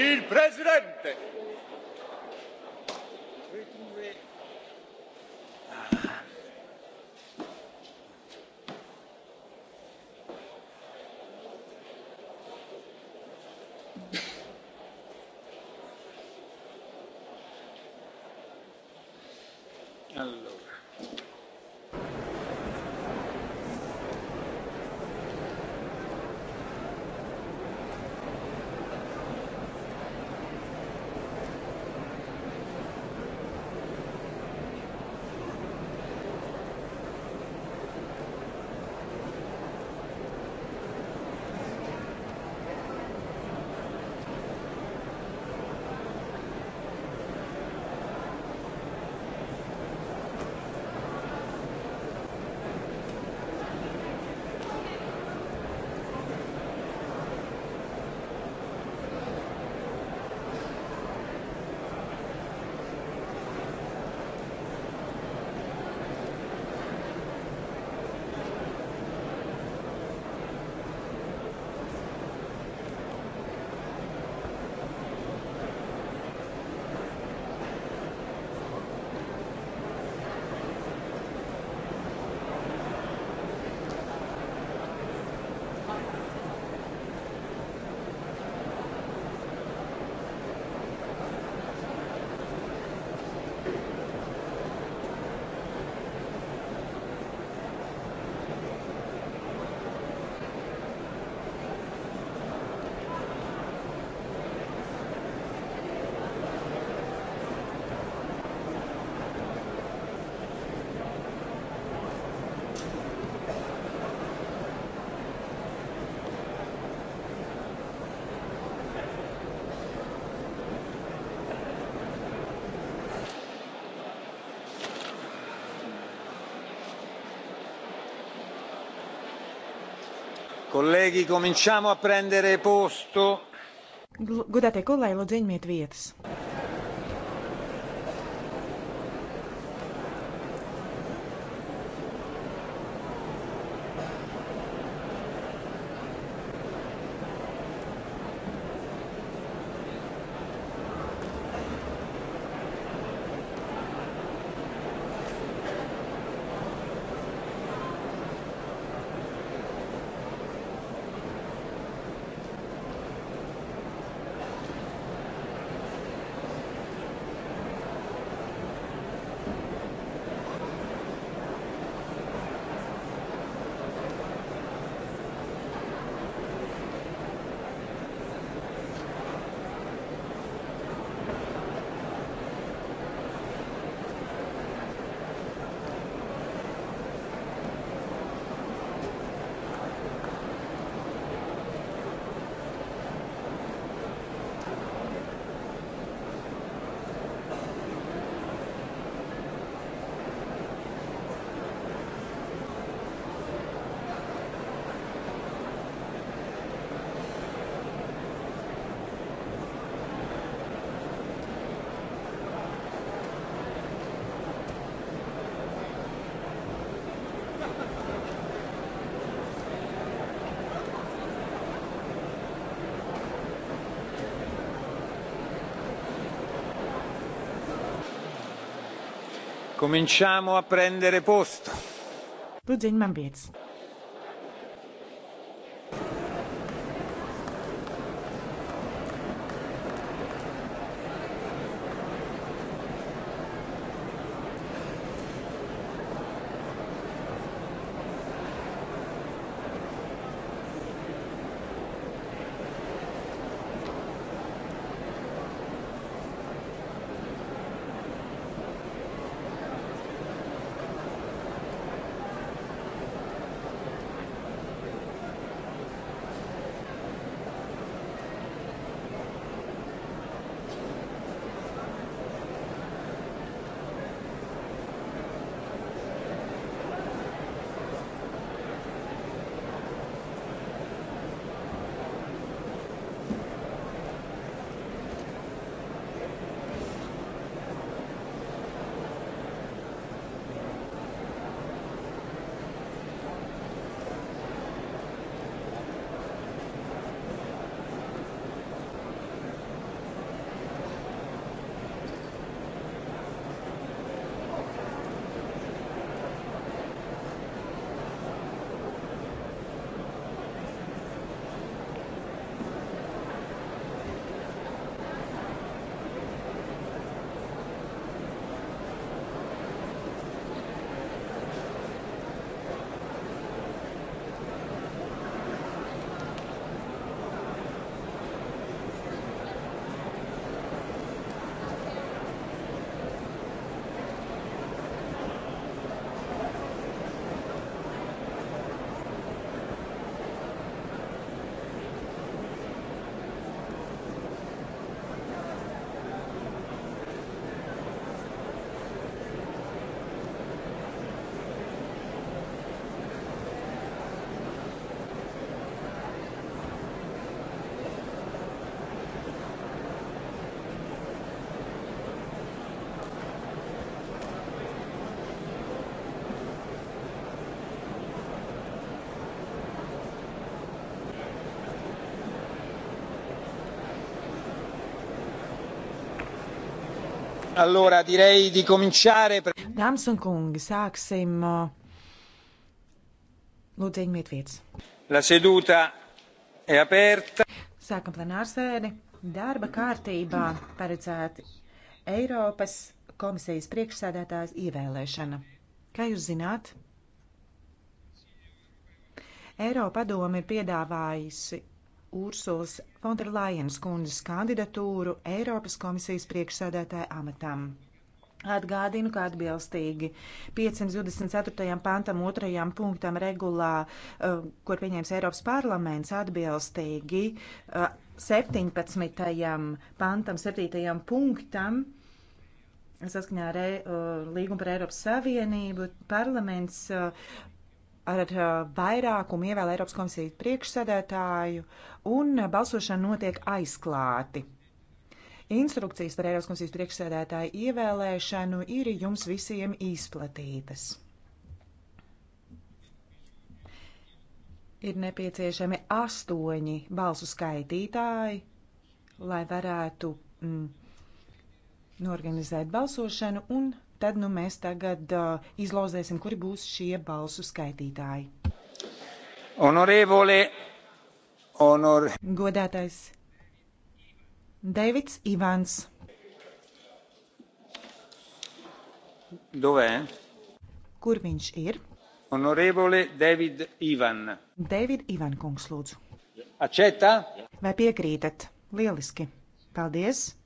il presidente Kolēģi, cominciamo a prendere posto. Gudātie kolēģi, lūdzu, ieņemiet vietas. Cominciamo a prendere posto. Lūdzu, ņemam vietas. Allora, direi di cominciare. Dāmas un kungi, sāksim. Uh, lūdzu, ņemiet vietas. La seduta è e aperta. Sākam plenārsēdi. Darba kārtībā paredzēta Eiropas komisijas priekšsēdētājas ievēlēšana. Kā jūs zināt? Eiropa padome ir piedāvājusi Ursulas Fonderlajenas kundzes kandidatūru Eiropas komisijas priekšsēdētāja amatam. Atgādinu, ka atbilstīgi 524. pantam otrajam punktam regulā, eh, kur pieņēms Eiropas parlaments, atbilstīgi 17. Eh, pantam, 7. punktam, saskaņā ar eh, līgumu par Eiropas Savienību, parlaments ar eh, vairākumu ievēl Eiropas komisijas priekšsēdētāju, un balsošana notiek aizklāti. Instrukcijas par Eiropas komisijas priekšsēdētāju ievēlēšanu ir jums visiem izplatītas. Ir nepieciešami astoņi balsu skaitītāji, lai varētu mm, norganizēt balsošanu un tad nu, mēs tagad uh, izlozēsim, kuri būs šie balsu skaitītāji. Honorevole, honor. Godātais Davids Ivans. Dov'è? Kur viņš ir? Honorevole David Ivan. David Ivan kungs, lūdzu. Accetta? Vai piekrītat? Lieliski. Paldies!